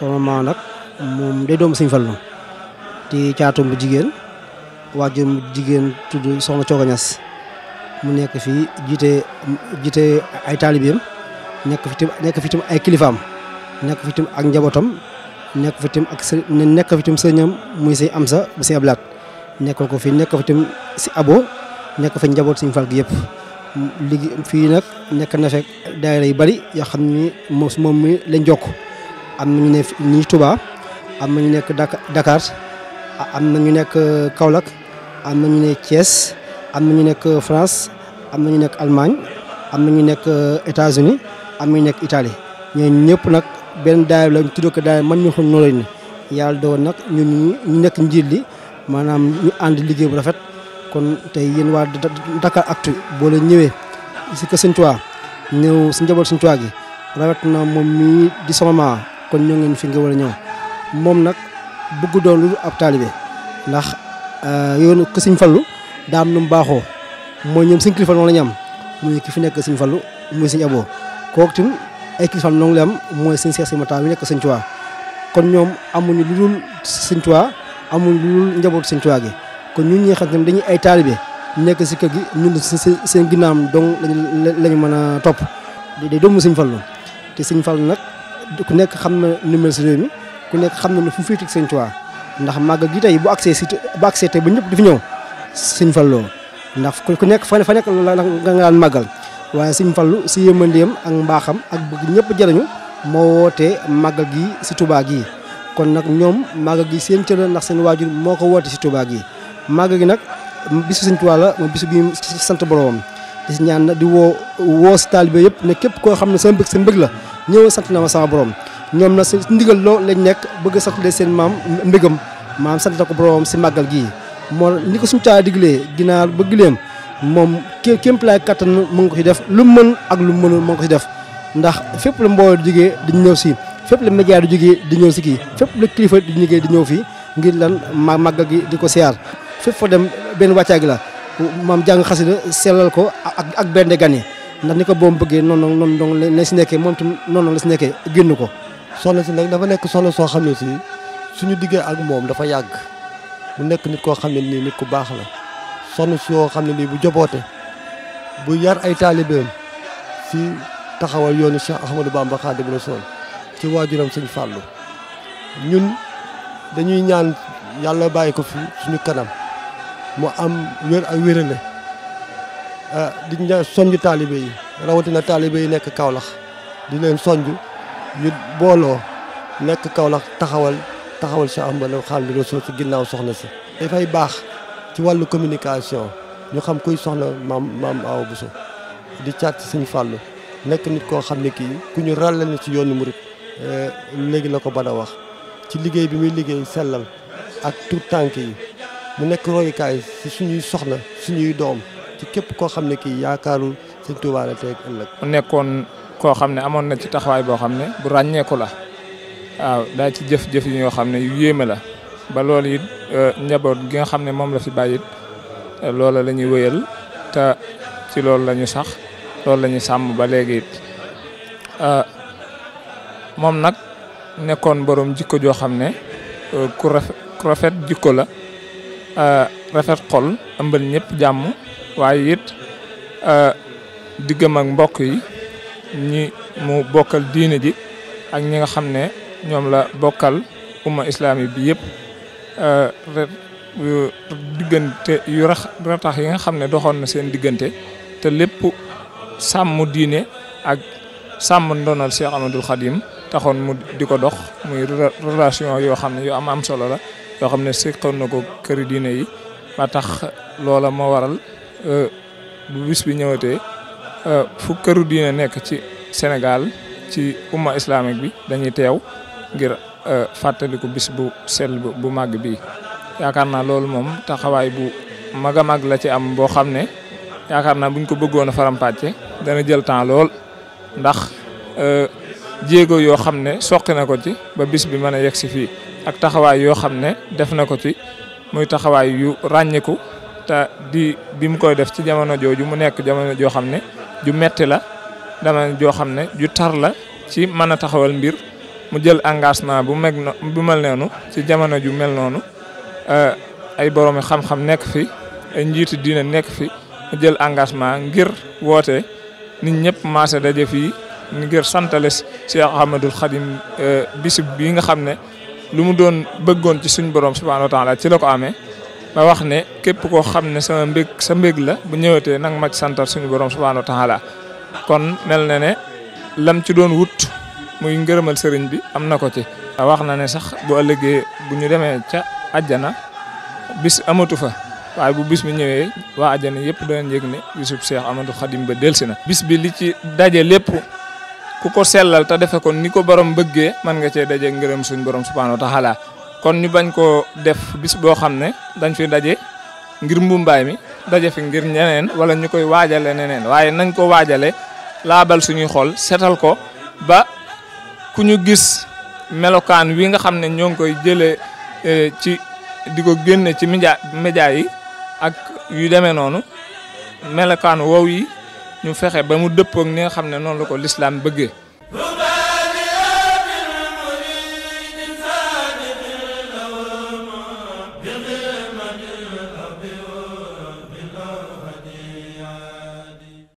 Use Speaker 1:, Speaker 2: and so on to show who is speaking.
Speaker 1: sama maam nag moom day doomu Sëñ Fallu di caatum bu jigéen waajur bu jigéen tudd Soxna Cooga mu nekk fi jiite jiite ay taalibeem nekk fi tam nekk fi ay kilifaam nekk fi tam ak njabootam nekk fi tam ak nekk fi sëñam muy Sëñ Amsa bu Sëñ Ablaat nekkal ko fi nekk fi tam si abo nekk fa njaboot Sëñ Fall gi yëpp fii nag nekk na fekk daayira yu bari yoo xam ni moom moom mi lañ jokk am na ñu ne nii Touba am na ñu nekk Dakar am na ñu nekk euh, Kaolack am na ñu ne Thiès am na ñu nekk euh, France am na ñu nekk Allemagne am na ñu nekk euh, États-Unis am na ñu nekk itali ñooñu ñëpp nag benn daay lañ tudd ko daay man ñu xul noonu ni yàlla doon nag ñun ñu nekk njiit li maanaam ñu ànd liggéey bu rafet kon tey yéen waa Dakar Actu boo leen ñëwee si kër Sëñ ñëw si njaboot Sëñ Tuubaa gi rawet na moom mii di sama kon ñoo ngeen fi war a ñëw moom nag bëgg doon lu ab taalibe ndax euh, yoonu ko Sëñ lu mu baaxoo mooy ñoom seen kilifa am ki fi nekk Sëñ Fallu muy Sëñ Aboo kooku tim ay kilifa am mooy Sëñ Seex Si Mataa bi nekk Sëñ kon ñoom amuñu lu dul Sëñ Tuubaa amuñu lu dul njabootu Sëñ Tuubaa gi kon ñun ñi nga xam ne dañuy ay taalibe nekk si kër gi ñun seen ginnaam dong lañu lañu mën a topp day doomu Sëñ Fallu te Sëñ Fallu nag ku nekk xam na nu mel si réew mi ku nekk xam na ne fu mu féetee sëñ Tuubaa ndax màggal gi tey bu accès si bu accès tey ba ñëpp di fi ñëw sëñ Fallu ndax ku nekk fa fa nekk la nga daan màggal waaye sëñ Fallu si yëmandeem ak mbaaxam ak bëgg ñëpp jëriñu moo wootee màggal gi si tubaa gi kon nag ñoom màggal gi seen cër ndax seen waajur moo ko woote si Tuubaa gi màggal gi nag bisu sëñ Tuubaa la mooy bisu bi sant boroomam di si ñaan di woo woo si taalibe yëpp ne képp koo xam ne sa mbëgg sa mbëgg la ñëw sant na ma sama borom ñoom na si ndigal loo lañ nekk bëgg a santalee seen maam mbégam maam sant na ko borom si màggal gi moo ni ko suñu caa diglee ginaar ba gileem moom képp laay kattan mu ngi ko si def lu mën ak lu mënul mu ngi ko si def ndax fépp la mbooloo jógee di ñëw si fépp la média di jógee di ñëw si kii fépp la kilifa di jógee di ñëw fii ngir lan ma màggal gi di ko siyaar fépp fa dem benn wàccaa gi la maam jàng xasida sellal ko ak ak benn gan yi ndax ni ko boom bëggee noonu noonu noonu la si nekkee moom tam noonu la si nekkee génn ko. soxna
Speaker 2: si nag dafa nekk soxna soo xam ne si suñu diggee ak moom dafa yàgg mu nekk nit koo xam ne nii ku baax la soxna soo xam ne nii bu joboote bu yar ay taalibeem si taxawal yoonu Cheikh Ahmadou Bamba Khadimu Rasul ci waajuram sëñ Fallou ñun dañuy ñaan yàlla bàyyi ko fii suñu kanam mu am wér ak wérale Ah, di ña soññ taalibe yi rawatina taalibe yi nekk Kaolack di leen soññ ñu booloo nekk Kaolack taxawal taxawal Cheikh Ahmadou Khadim Rassoul si ginnaaw soxna si. dafay baax ci wàllu communication ñu xam kuy soxna maam maam Awa Bousso di caat si Sëñ Fàllu nekk nit koo xam ne kii ku ñu ràll na ci yoonu murit eh, léegi la ko bada wax ci liggéey bi muy liggéey sellal ak tout tànk yi
Speaker 3: mu nekk royukaay si suñuy soxna suñuy doom. ci képp ko ya ki kii yaakaarul touba la tek ëlëk mu nekkoon ko xam ne na ci taxaway bo xam ne bu ràññeeku la waaw da ci jëf-jëf yi yoo xam ne yu yéeme la ba lool yi ñabo euh, gi nga xam mom la fi bàyyi euh, lool la ñuy wëyel ta ci lool lañu sax lool lañu sam ba légui euh mom nak nekkon borom jikko jo xam euh, ku rafet jikko la rafet xol ëmbal ñepp jamm waye it euh, digam ak mbokk yi ñi mu bokal diine ji ak ñi nga xamne ñom la bokal umma islami bi euh diggante yu rax ratax yi nga xamne doxon na seen diggante te lepp sam diine ak sam ndonal Cheikh Amadou Khadim taxon mu diko dox muy relation yo xamne yo am am solo la yo xamne sekkon nako keur diine yi ba tax lola mo waral bu bis bi ñëwatee euh, fu këru diina nek ci Sénégal ci umma islamik bi dañuy tew ngir euh, fataliku bis bu sel bu mag bi yaakaar lool mom taxaway bu maga mag la ci am bo xam ne buñ ko bëggono faram patte dana jël temps lool ndax euh yoo yo ne soqi nako ci ba bis bi mëna ak taxaway yo xam def na ci muy taxaway yu ràññiku ta di bim koy def ci jamono joju mu nek jamono jo xamne ju metti la dama jo xamne ju tar la ci mën taxawal mbir mu jël engagement bu meg bu mel nonu ci jamono ju mel euh ay borom xam-xam nek fi ay njiitu dina nek fi mu jël engagement ngir wote nit ñepp maase dajé fi ngir santales Cheikh Ahmadul Khadim eh, bisib bi nga xamne lu mu doon bëggoon ci suñu borom subhanahu wa taala ci lako amé ma wax ne kep ko xamne ne sama mbeg sa mbeg la bu ñewete nak ma ci santor suñu borom subhanahu wa taala kon mel ne lam ci doon wut muy ngeureumal serigne bi amna kote ko ci. wax na ne sax bu ëllëgee bu ñu démé ca aljana bis amatu fa bu bis mi ñewé wa aljana yépp doon yegne ne bisub Seex Amadu Xadim ba delsina bis bi li ci dajé lépp ku ko sellal ta defe ko niko borom bëggé man nga ci dajé ngeureum suñu borom subhanahu wa taala kon ñu bañ koo def bis boo xam ne dañ fi daje ngir mbuumbaay mi daje fi ngir ñeneen wala ñu koy waajale neneen waaye nañ ko waajale laabal suñuy xol setal ko ba ku ñu gis melokaan wi nga xam ne ñoo ngi koy jëlee ci di ko génne ci média média yi ak yu demee noonu melokaan woow yi ñu fexe ba mu dëppoog ni nga xam ne noonu la ko lislaam bëggee